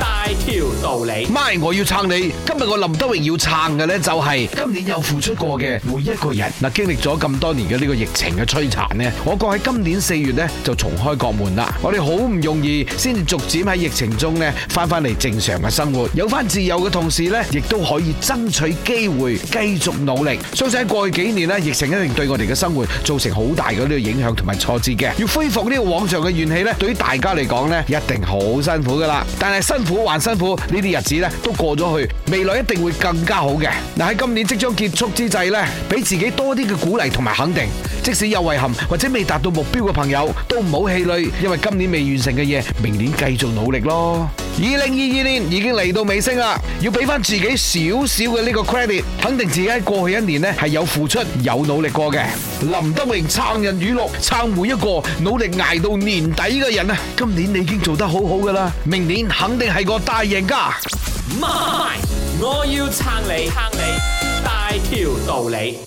大條道理，咪我要撐你，今日我林德榮要撐嘅咧就係今年有付出過嘅每一個人。嗱，經歷咗咁多年嘅呢個疫情嘅摧殘咧，我國喺今年四月咧就重開國門啦。我哋好唔容易先至逐漸喺疫情中咧翻翻嚟正常嘅生活，有翻自由嘅同時咧，亦都可以爭取機會繼續努力。相信喺過去幾年咧，疫情一定對我哋嘅生活造成好大嘅呢個影響同埋挫折嘅。要恢復呢個往常嘅元氣咧，對於大家嚟講咧一定好辛苦噶啦。但係新苦還辛苦呢啲日子咧都過咗去，未來一定會更加好嘅。嗱，喺今年即將結束之際咧，俾自己多啲嘅鼓勵同埋肯定。即使有遺憾或者未達到目標嘅朋友，都唔好氣餒，因為今年未完成嘅嘢，明年繼續努力咯。二零二二年已經嚟到尾聲啦，要俾翻自己少少嘅呢個 credit，肯定自己喺過去一年呢係有付出有努力過嘅。林德榮撐人語錄，撐每一個努力捱到年底嘅人啊，今年你已經做得好好噶啦，明年肯定係個大贏家。媽咪，我要撐你，撐你，大條道理。